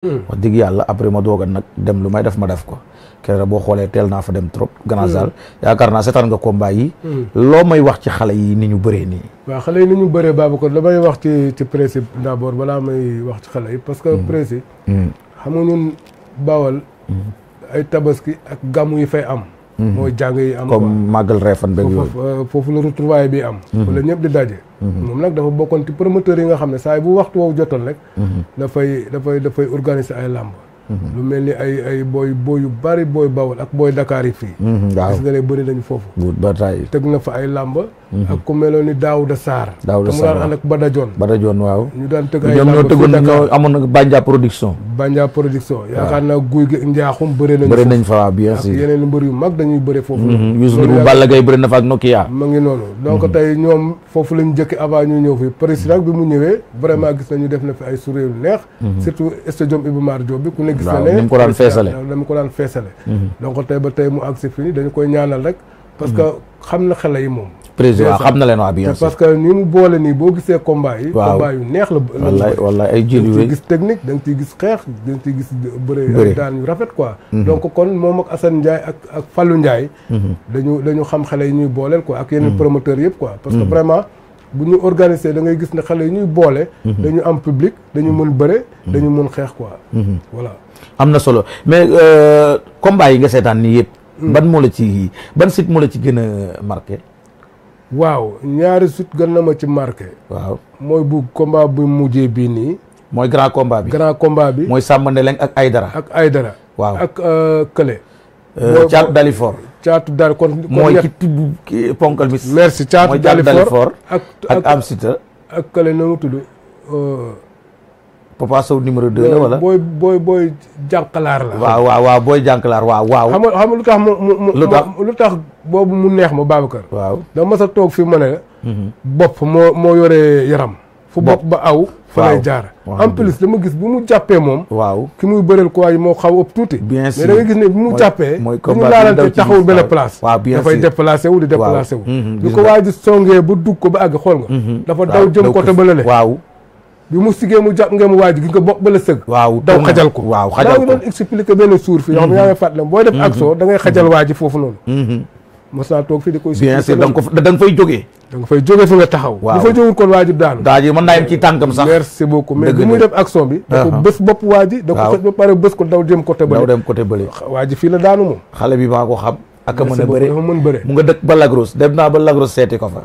Hmm. wax dëgg yàlla après ma doog nag dem lu may def ma def ko keroog boo xoolee teel naa fa dem trop gannaaw daal hmm. yaakaar naa seetaan nga combat yi hmm. loo may wax ci xale yi ni ñu bëree nii waaw xale yi ni ñu bëree Babacar damay wax ci ci principe d'abord balaa may wax ci xale yi parce que principe xam nga ñun bawal ay tabaski ak gàmmu yi fay am Mm-hmm. mooy jàng yi am comme màggal reefan beeg yooyu euh, foofu la retrouvaille bi am wala mm-hmm. ñëpp di daje mm-hmm. moom nag dafa bokkoon ti promoteur yi nga xam ne saa yi bu waxtu woowu jotoon rek dafay dafay dafay organiser ay làmb lu mel ni ay ay booy booy yu bari booy bawol ak booy Dakar yi fii waaw gis nga ne bëri nañu foofu teg na fa ay làmb ak ku meloon ni Daouda Sarr Daouda Sarr mu daan ànd ak Badajon Badajon waaw ñu daan tëg ay làmb ñoom ñoo tëggoon amoon na Bandia production Bandia production ah. yaakaar naa guy gi njaaxum bëri bien sûr yeneen mbër yu mag dañuy bëri foofu mhm, Youssou Ndour bu Balla Gaye bëri na fa ak Nokia ma ngi noonu mhm. donc tey ñoom foofu lañ jëkki avant ñu ñëw fi président mhm. bi mu ñëwee vraiment gis nañu def na fi ay sourire neex surtout stadium Iba Mar Diop bi ku ne gis na ne ni mu ko daan feesale ni mu ba tey mu agsi fii dañu koy ñaanal rek parce mhm. que xam na xale yi moom. président xam na leen waa bien sûr parce que ni mu boole nii boo gisee combat yi. waaw combat neex la. wallaay wallaay ay jël yu da nga ciy gis technique da nga ciy gis xeex da nga ciy gis. bëre daan yu rafet quoi. Mhm. donc kon moom ak Assane Ndiaye ak fallu Fallou Ndiaye. Mhm. dañu dañu xam xale yi ñuy booleel ko ak yeneen promoteurs yëpp quoi. parce que vraiment. bu ñu organiser da ngay gis ne xale yi ñuy boole. dañu am publique dañu mën bëre. dañu mën xeex quoi. voilà. am na solo mais euh, combat yi nga seetaan nii yëpp. Hmm. ban moo la ci ban site moo la ci gën a marqué. waaw ñaari site gën na ma ci marqué. waaw mooy bu combat bu mujjee bii nii. mooy grand combat bi grand combat bi. mooy Samba leen ak Aydara. ak Aydara. waaw ak euh, Kële. Caatu euh, Dalifor. Caatu Dalifor kon. mooy ci tibb ponkal bi. merci Caatu Dalifor ak ak Amsita. ak Kële na mu tudd. Euh, Papa Sow numéro 2 la wala. booy booy booy jànqalaar la. waaw booy jànqalaar waaw waaw. xam nga xam lu tax mu mu lu tax boobu mu neex ma Babacar. waaw da mas toog fi ma ne. Mhm. bopp moo moo yore yaram. fu bopp ba aw. fa lay jaar en plus dama gis bu mu jàppee moom. waaw ki muy bëreel ko yi moo xaw ëpp tuuti. bien sûr gis ne bu mu jàppee. mooy bu mu laalante taxawul benn place. waaw bien dafay déplacé wu de déplacé wu. Mhm, gis nga ko waa ji songee ba dugg ko ba àgg xool nga. Mhm. dafa daw jëm côté ba lële waaw. bi mu sigee mu jàpp ngeen mu waaj gi nga bokk ba la sëg waaw daw xajal ko waaw xajal ko daa benn suur fi yoo xam mhm. ne yaa ngi fàttali booy def mhm. xajal mhm. waa foofu noonu mos naa toog fii di koy bien koy da nga ko da nga fay jógee nga fi nga taxaw waaw bu fa jógul kon waa ji daanu daa ji mën naa yem ci tànkam sax merci beaucoup mais bi muy def action bi da ko uh-huh. bës bopp waa da ko xëj ba pare bës ko daw dem côté bële daw dem bële waa ji fii la daanu moom xale bi maa ko xam ak a mën a bëre mën bëre mu nga dëkk ba Lagros dem naa ba Lagros seeti ko fa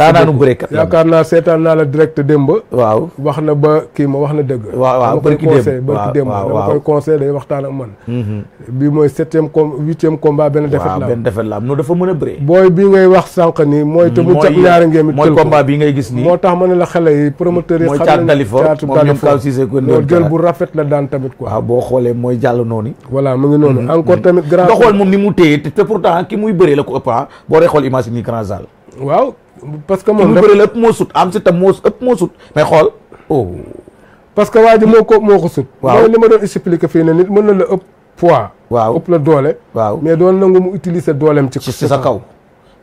daanaanu bëre kat yaakaar naa seetaan naa la direct démb waaw wax na ba kii ma wax na dëgg waaw waaw bërki démb bërki démb dama koy conseil day waxtaan ak man mhm. bi mooy septième com huitième combat benn defet la benn defet la am noonu dafa mën a bëre booy bi ngay wax sànq nii mooy te mu cap ñaari ngeen mi mooy combat bi ngay gis nii moo tax ma ne la xale yi promoteur yi mooy caat Dalifor moom ñoom kaw Cissé ko loolu jël bu rafet la daan tamit quoi waaw boo xoolee mooy jàll noonu voilà mu ngi noonu mhm. encore mhm. tamit grand nga xool moom ni mu téye pourtant ki muy bëree la ko ëpp ah boo dee xool image yi nii grand zal. waaw parce que moom ki muy bëree la ëpp moo sut am si tam moo ëpp moo sut mais xool oh. parce que moo ko moo ko sut. waaw li ma doon expliquer fii ne nit mën na la ëpp poids. waaw ëpp la doole. waaw mais doon nangu mu utiliser dooleem ci. ci sa kaw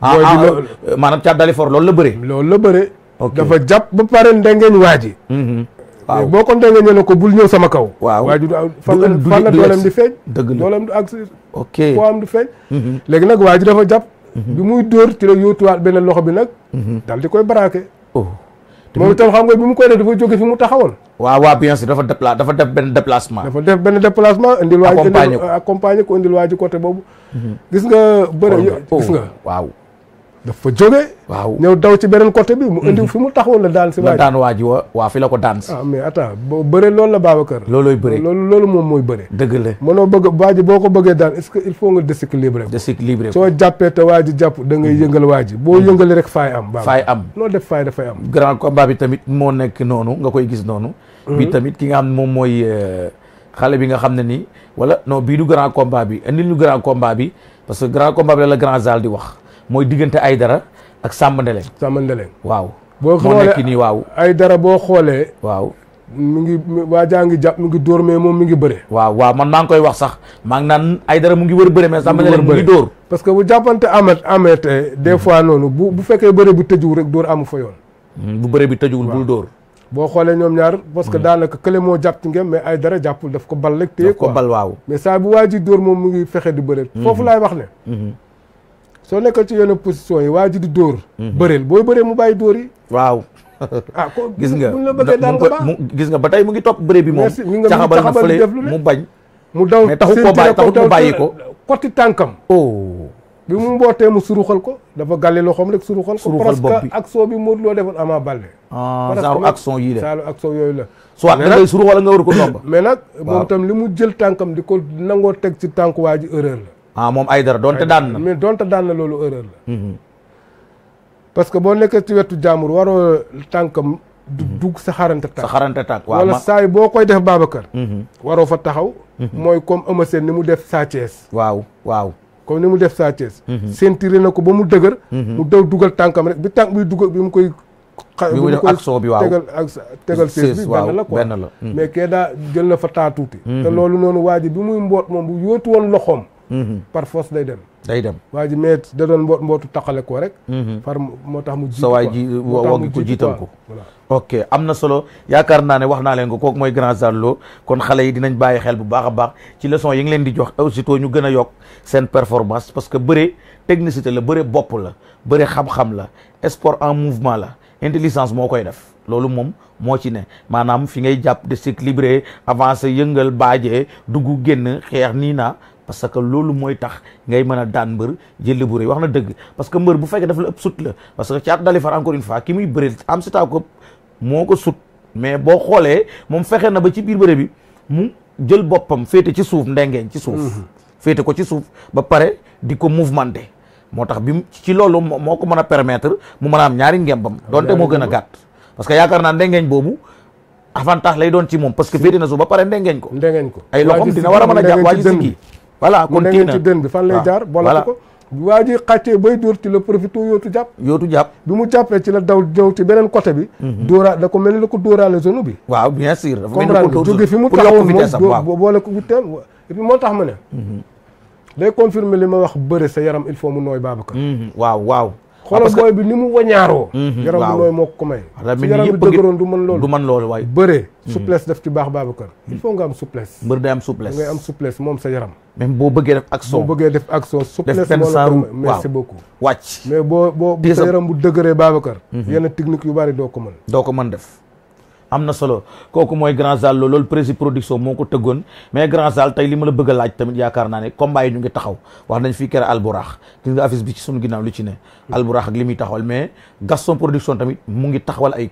mooy ah, di ah, la euh, maanaam Thiat Dalifort loolu la bëree. loolu la bëree. dafa jàpp ba pare ndengeñ waa mm-hmm. boo ko ndengeñee ne ko bul ñëw sama kaw. waaw waa ji du fan la dooleem di feeñ. dëgg la ok foo am du feeñ. léegi nag waa ji dafa jàpp. bi muy dóor ci la yóotuwaat benn loxo bi nag. dal di koy braqué. Oh. moom itam xam nga bi mu koy def dafa jóge fi mu taxawoon. waaw waaw bien sûr dafa dépla dafa def benn déplacement. dafa def benn déplacement indil. accompagné ko indil waa ko indil waa côté boobu. Mhm. gis nga bëre gis nga oh, waaw. dafa jóge waaw ñëw daw ci beneen côté bi mu mhm. indi fi mu taxawoon la daan si waaj la daan waaj wa waa fi la ko daan si ah mais attends boo bëre loolu la Babacar looloy bëre loolu loolu moom mooy bëre dëgg la mënoo bëgg waa ji ko bëggee daan est-ce que il faut nga déséquilibré déséquilibré soo jàppee te waa jàpp da ngay mhm. yëngal waa boo mhm. yëngalee rek faay am baa faay am loo def faay dafay am grand combat bi tamit moo nekk noonu nga koy gis noonu bi tamit ki nga xam ne moom mooy euh, xale bi nga xam ne nii wala non bii du grand combat bi indi ñu grand combat bi parce que grand combat la la grand di wax mooy diggante ay dara ak Samba Ndeleng. Samba Ndeleng waaw. boo xoolee moo nekk waaw. ay dara boo xoolee. waaw. mu ngi waa jaa ngi jàpp mi ngi dóor mais moom mi ngi bëre. waaw waaw man maa koy wax sax maa naan ay dara mu ngi wër bëre mais Samba Ndeleng mu ngi dóor. parce que bu jàppante amat amatee des hmm. fois noonu bu bu fekkee bëre bi tëjuwul rek dóor amu fa yoon. Hmm, bu bëre bi tëjuwul bul dóor. boo xoolee ñoom ñaar parce que hmm. daanaka kële moo jàpp ci ngeen mais ay dara jàppul daf ko bal rek. téye ko bal waaw mais saa bu waa ji dóor moom mu ngi fexe di bëre. foofu laay wax ne. so nekkal ci yenn position yi waji di dóor. Mhm. beurel boy beure mu bay dóor yi. waaw. ah ko gis nga buñ la bëggee daal nga gis nga batay mu ngi top beure bi mom merci na fele mu bañ. mu daw mais taxu ko bay taxu mu bayiko koti tankam oh. bi mu mbootee mu suruxal ko dafa galé loxom rek suruxal ko presque action bi Modou Lo defal Ama ah genre action yi le genre action yooyu la soit da ngay suruxal nga war ko top mais nak mom tam limu jël tankam diko nango tek ci tànk waji erreur la ah moom Aydara donte daan na mais donte daan na loolu erreur la. Mhm. parce que boo nekkee ci wetu jàmbur waroo tànkam. du mhm. dugg sa xarante tànk. sa xarante tànk waaw boo koy def Babacar. Mhm. waroo fa taxaw. mooy comme ama Sène ni mu def Sa Thiès. waaw waaw. comme ni mu def Sa Thiès. sentiré na ko ba mu dëgër. mu daw dugal tànkam rek bi tànk bi dugal bi mu koy. bi mu def ak soo waaw tegal ak tegal sees kee daa jël na fa taa tuuti. te loolu noonu waa ji bi muy mboot moom bu yóotu woon loxoom. Mm-hmm. par force day dem day dem waa ji mais da mbootu taqale ko rek mm-hmm. far moo tax mu jiitu sa waay ji woo ko jiital ko ok am na solo yaakaar naa ne wax naa leen ko kooku mooy grand Zale kon xale yi dinañ bàyyi xel bu baax a baax ci leçon yi ngi leen di jox aussitôt ñu gën a yokk seen performance parce que bëre technicité la bëre bopp la bëre xam-xam la sport en mouvement la intelligence moo koy def loolu moom moo ci ne maanaam fi ngay jàpp de s'équilibrer avancer yëngal baaje dugg génn xeex nii naa parce que loolu mooy tax ngay mën a daan mbër jël bu rëy wax na dëgg parce que mbër bu fekkee dafa la ëpp sut la parce que caat dali far encore une fois ki muy bëreel am si taa ko moo ko sut mais boo xoolee moom fexe na ba ci biir bëre mu jël boppam féete ci suuf ndengeeñ ci suuf mhm. féete ko ci suuf ba pare di ko mouvementé moo tax bi ci loolu moo ko mën a permettre mu mën a am ñaari ngembam donte moo gën a gàtt parce que yaakaar naa ndengeeñ boobu avantage lay doon ci moom parce que féete na suuf ba pare ndengeeñ ko ndengeeñ ko ay loxom dina war a mën a jàpp waa ji voilà kon téye na ci dën bi fan lay jaar. boole ko waa ji xàccee bay dóor ci la profité yootu jàpp. yootu jàpp bi mu jàppee ci la daw jaw ci beneen côté bi. Mhm. doora da ko mel ni la ko dóoraale zone bi. waaw bi sûr. comprendre jóge fi mu taxawoon boole ko wuteel et puis moo tax ma ne. Mhm. day confirmer li ma wax bëre sa yaram il faut mu nooy Babacar. Mhm. waaw waaw. xoolal booy bi ni mu wañaaroo mhm, yaram bu nooy moo ko may su yaram bi dëgëroon du man loolu du mën loolu waaye bëree mhm. souplesse daf ci baax Babacar il faut nga am souplesse mbër day am souplesse ngay am souplesse moom sa yaram même boo bëggee def action boo bëggee def action souplesse moo la merci beaucoup wàcc mais boo boo sa yaram bu dëgëree Babacar mhm. yenn technique yu bari doo ko man doo ko man def am na solo kooku mooy Grand Zal loolu prési production moo ko tëggoon mais Grand Zal tey li ma la bëgg a laaj tamit yaakaar naa ne combat yi ñu ngi taxaw wax nañ fii kere alburax gis nga affiche bi ci sunu ginnaaw li ci ne alburax ak li muy taxawal mais Gaston production tamit mu ngi taxawal ay